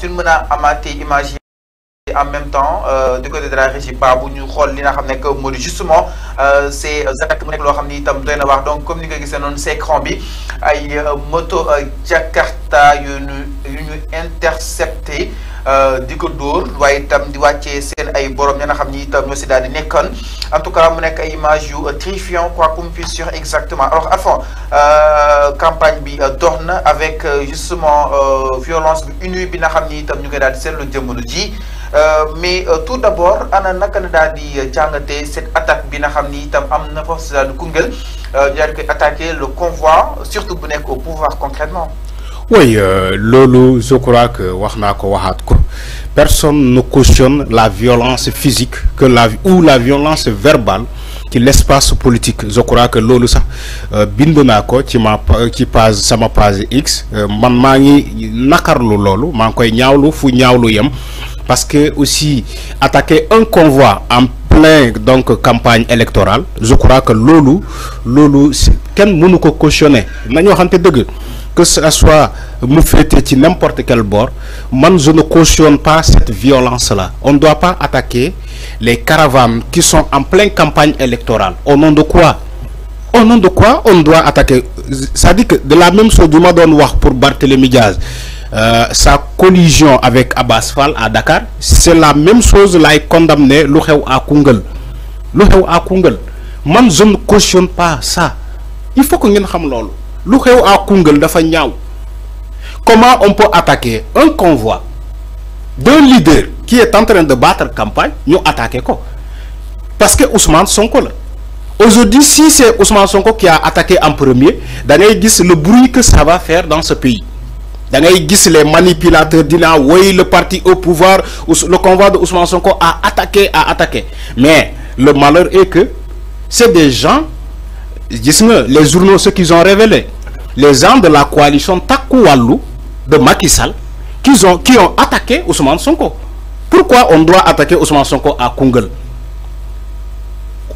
suñ mën a en même temps euh, de côté de la régie ba bu ñu xol li nga xamné justement euh, ces attaques mu lo xamni tam donc comme ni nga gissé non c'est bi ay euh, moto Jakarta yu ñu euh, di ko dóor waaye itam di wàccee sen ay borom ñana xamni xam ni itam ñoo si daal di nekkoon en tout cas mu nekk ay image yu euh, quoi qu'on puisse sur exactement alors Arfan euh, campagne bi dox avec justement violence bi nuit bi nga xam ni itam ñu ngi daal di seetlu jamono ji mais tout d'abord ana naka la daal di jàngatee cette attaque bi nga xam ni itam am na force daal di Koungheul ñu daal attaquer le convoi surtout bu nekk au pouvoir concrètement oui lolo, je crois que wax naa ko ko Personne ne cautionne la violence physique que la, ou la violence verbale qui l'espace politique je crois que lolo sax euh, bind naa ko ci ma euh, passe ça sama pas X euh, man maa lolo nakarlu loolu maa ngi koy ñaawlu fu yem parce que aussi attaquer un convoi en plein donc campagne électorale je crois que lolo c'est nous mënu ko cautionner de deug que ce soit mu fété n'importe quel bord man je ne cautionne pas cette violence là on ne doit pas attaquer les caravanes qui sont en pleine campagne électorale au nom de quoi au nom de quoi on doit attaquer ça dit que de la même chose du noir pour Barthélémy Diaz euh, sa collision avec Abbas Fall à Dakar c'est la même chose là condamner lu à Kungel. lu à Kungel. je ne cautionne pas ça il faut que vous comment on peut attaquer un convoi d'un leader qui est en train de battre campagne Nous attaquer quoi parce que Ousmane Sonko aujourd'hui si c'est Ousmane Sonko qui a attaqué en premier da ngay le bruit que ça va faire dans ce pays da ngay les manipulateurs disent le parti au pouvoir le convoi de Sonko a attaqué a attaqué mais le malheur est que c'est des gens les journaux ce qu'ils ont révélé les gens de la coalition Takou de Macky ont qui ont attaqué Ousmane Sonko pourquoi on doit attaquer Ousmane Sonko à Kungel?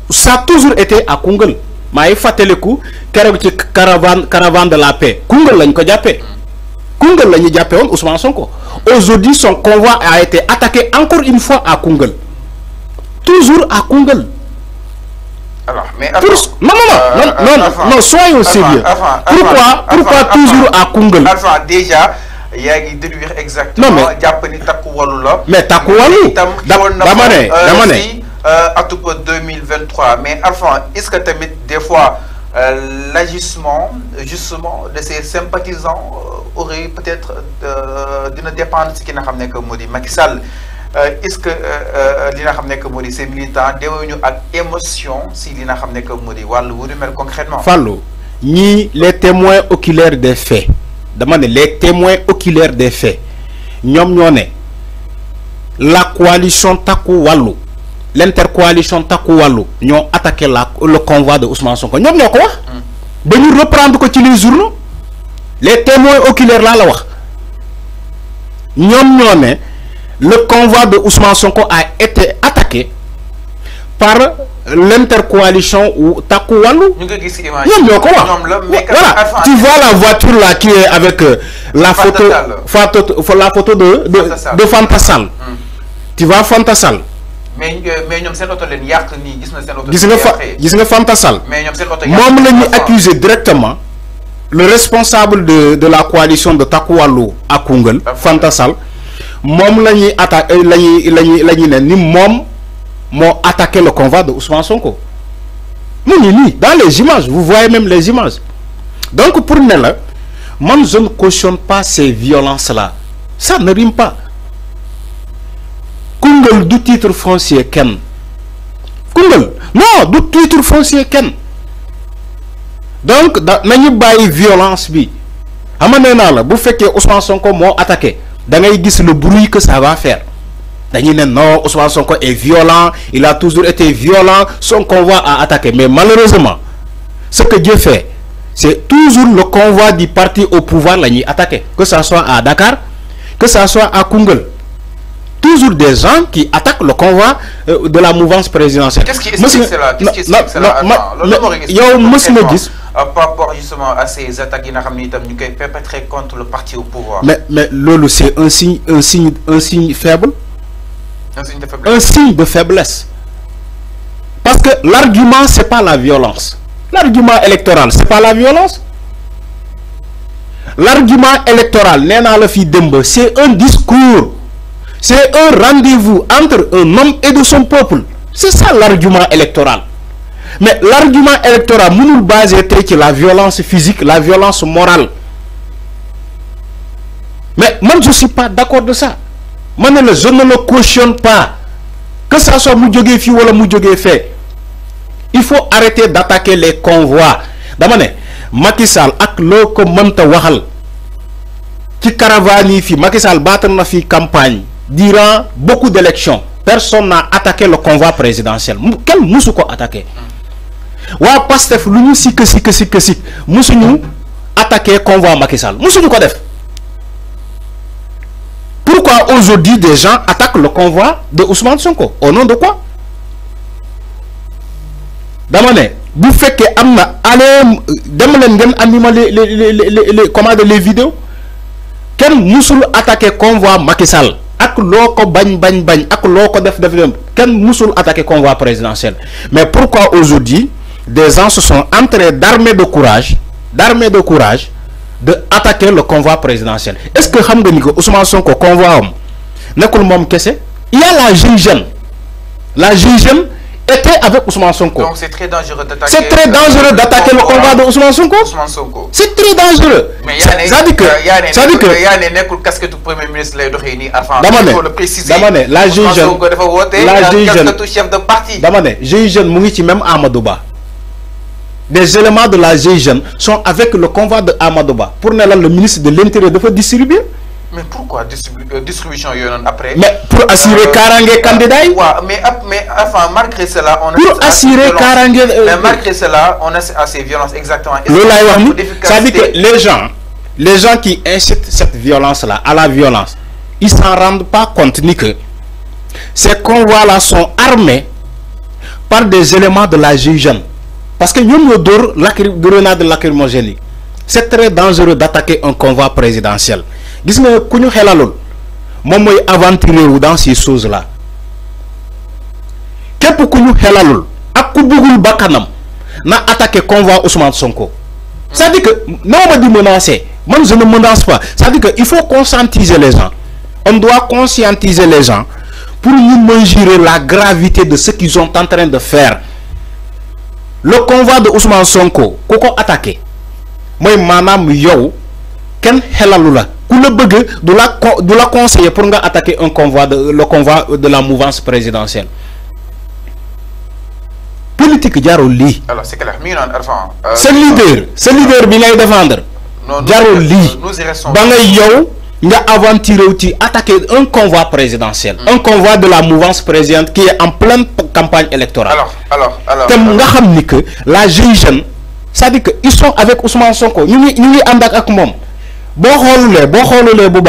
ça a toujours été à Kungol Maïfa telekou, coup caravane de la paix Koungheul a ko diapé. Kungel la ñu jàppee Ousmane Sonko aujourd'hui son convoi a été attaqué encore une fois à Kungel. toujours à Kungel. Mais euh, Non, non, euh, non, non, non, avant, non, sérieux. Avant, pourquoi pourquoi toujours à Kungel déjà, il y a une déduire exactement. Non, mais. Japonais Takuwalu là. Mais Takuwalu Damane, Damane. À tout 2023. Mais avant, est-ce que tu as des fois. Euh, l'agissement justement de ces sympathisants aurait peut-être d'une dépendance qui n'a pas que Macky Sall euh, est-ce que euh, euh, ces militants ak émotion si militants concrètement les témoins oculaires des faits les témoins oculaires des faits la coalition taku walu, l'intercoalition attaqué le convoi de Ousmane Sonko Nous ont wax. Hmm. reprendre les témoins oculaires la le convoi de Ousmane Sonko a été attaqué par l'intercoalition ou Taku Walou. Tu vois la voiture là qui est avec euh, la, photo, la photo de, de, Fantasal. Hmm. Tu vois Fantasal. mais euh, mais directement le responsable de la coalition de Takualu à à Fantasal. Fantasal mom lañuy atta attaqué euh, lañuy lañuy ni attaqué le convoi de Ousmane Sonko mu ni dans les images vous voyez même les images donc pour nous la je ne cautionne pas ces violences là ça ne rime pas Koungheul du titre foncier Ken Koungheul non du titre foncier Ken donc nañu baye violence bi xam na la bu féké Ousmane Sonko mo attaqué. Vous le bruit que ça va faire Daniel non Ousmane Sonko est violent il a toujours été violent son convoi a attaqué mais malheureusement ce que Dieu fait c'est toujours le convoi du parti au pouvoir la attaqué que ce soit à Dakar que ce soit à Koungheul toujours des gens qui attaquent le convoi euh, de la mouvance présidentielle. Qu'est-ce qui explique cela quest qui explique euh, par rapport justement à ces attaques qui nga contre le parti au pouvoir. mais mais c'est un signe un signe un signe faible. un signe de faiblesse. un signe de faiblesse. parce que l'argument c'est pas la violence. L'argument électoral, c'est pas la violence. L'argument électoral, c'est un discours c'est un rendez-vous entre un homme et de son peuple. C'est ça l'argument électoral. Mais l'argument électoral, nous nous basons sur la violence physique, la violence morale. Mais moi, je ne suis pas d'accord de ça. Moi, je ne le cautionne pas. Que ce soit Moudjogé ou Moudjogé Fait. Il faut arrêter d'attaquer les convois. Damane, Macky Sall, ak loko manta wahal. Ki caravane fi, Macky battre na fi campagne durant beaucoup d'élections, personne n'a attaqué le convoi présidentiel. Quel Moussouko attaqué Wa pastef luñu si que si que si que si musuñu attaqué convoi Macky Sall. Musuñu def. Pourquoi aujourd'hui des gens attaquent le convoi de Ousmane Sonko Au nom de quoi Damane, vous faites que amna allez les les les vidéos. Quel a attaqué convoi Macky ak bagne bagne bañ bañ bañ ak loko def def qu'elle nous musul attaqué convoi présidentiel mais pourquoi aujourd'hui des gens se sont entrés d'armée de courage d'armée de courage de attaquer le convoi présidentiel est-ce que xam nga ni ko Ousmane Sonko convoi am quest kessé il y a la GIGN la GIGN était avec Ousmane Sonko. Donc c'est très dangereux d'attaquer. C'est très dangereux d'attaquer le convoi de Ousmane Sonko. Ousmane Sonko. C'est très dangereux. Mais ça dit que ça dit que le casque casquette premier ministre lay doxé ni avant. Il faut le préciser. Dama né la juge la juge chef de parti. Dama juge mu ngi ci même Amadouba. Des éléments de la GIGN sont avec le convoi de Amadouba pour ne le ministre de l'Intérieur de distribuer mais pourquoi euh, distribution après. mais pour assurer kaaraange candidat mais mais enfin malgré cela. on pour assurer euh, mais malgré cela on a assez ces violences exactement. Le dire que les gens les gens qui incitent cette violence là à la violence ils ne s'en rendent pas compte ni que ces convois là sont armés par des éléments de la GIGN parce que nous, nous la la grenade lacrymogène c'est très dangereux d'attaquer un convoi présidentiel gis nga ku ñu xelaloon faire mooy aventurer wu dans ces choses là kep ku ñu xelalul ak ku bëggul on na attaqué convoi Ousmane Sonko c'est-à-dire que non ma di menacer man je ne menace pas c'est-à-dire que il faut conscientiser les gens on doit conscientiser les gens pour nous mesurer la gravité de ce qu'ils sont en train de faire le convoi de Ousmane Sonko ku ko attaqué mooy maanaam yow ken xelalu la le bug de la la conseiller pour attaquer un convoi de le convoi de la mouvance présidentielle politique diaroli alors c'est mi euh, C'est leader c'est leader bi ngay défendre. jaarul il ba ngay yow nga attaquer un convoi présidentiel. Hmm. un convoi de la mouvance présidente qui est en pleine campagne électorale. alors alors alors que la jeune ça veut dire que ils sont avec Ousmane Sonko ñu sont ñu ngi ak boo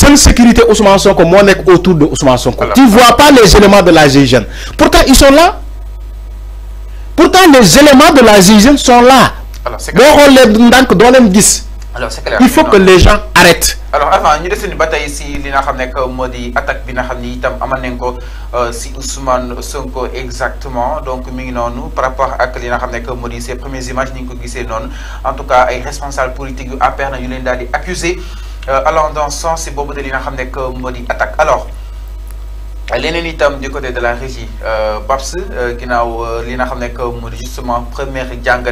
bon sécurité Ousmane Sonko autour de Ousmane Sonko. tu vois pas les éléments de la GIGN pourtant ils sont là pourtant les éléments de la sont là. les alors c'est clair il faut que les gens arrêtent. alors avant ñu desandi une bataille si li nga xam attaque bi nga itam amal ko euh, si Ousmane Sonko exactement donc mi ngi par rapport à li nga xam nekk moo di ces premières images ni ñu ko en tout cas ay responsables politiques yu APR na ñu leen di euh, allant dans ce sens c'est boobu de li nga xam attaque alors. leneen itam du côté de la régie euh, Babs qui li nga xam modi justement première jàngat.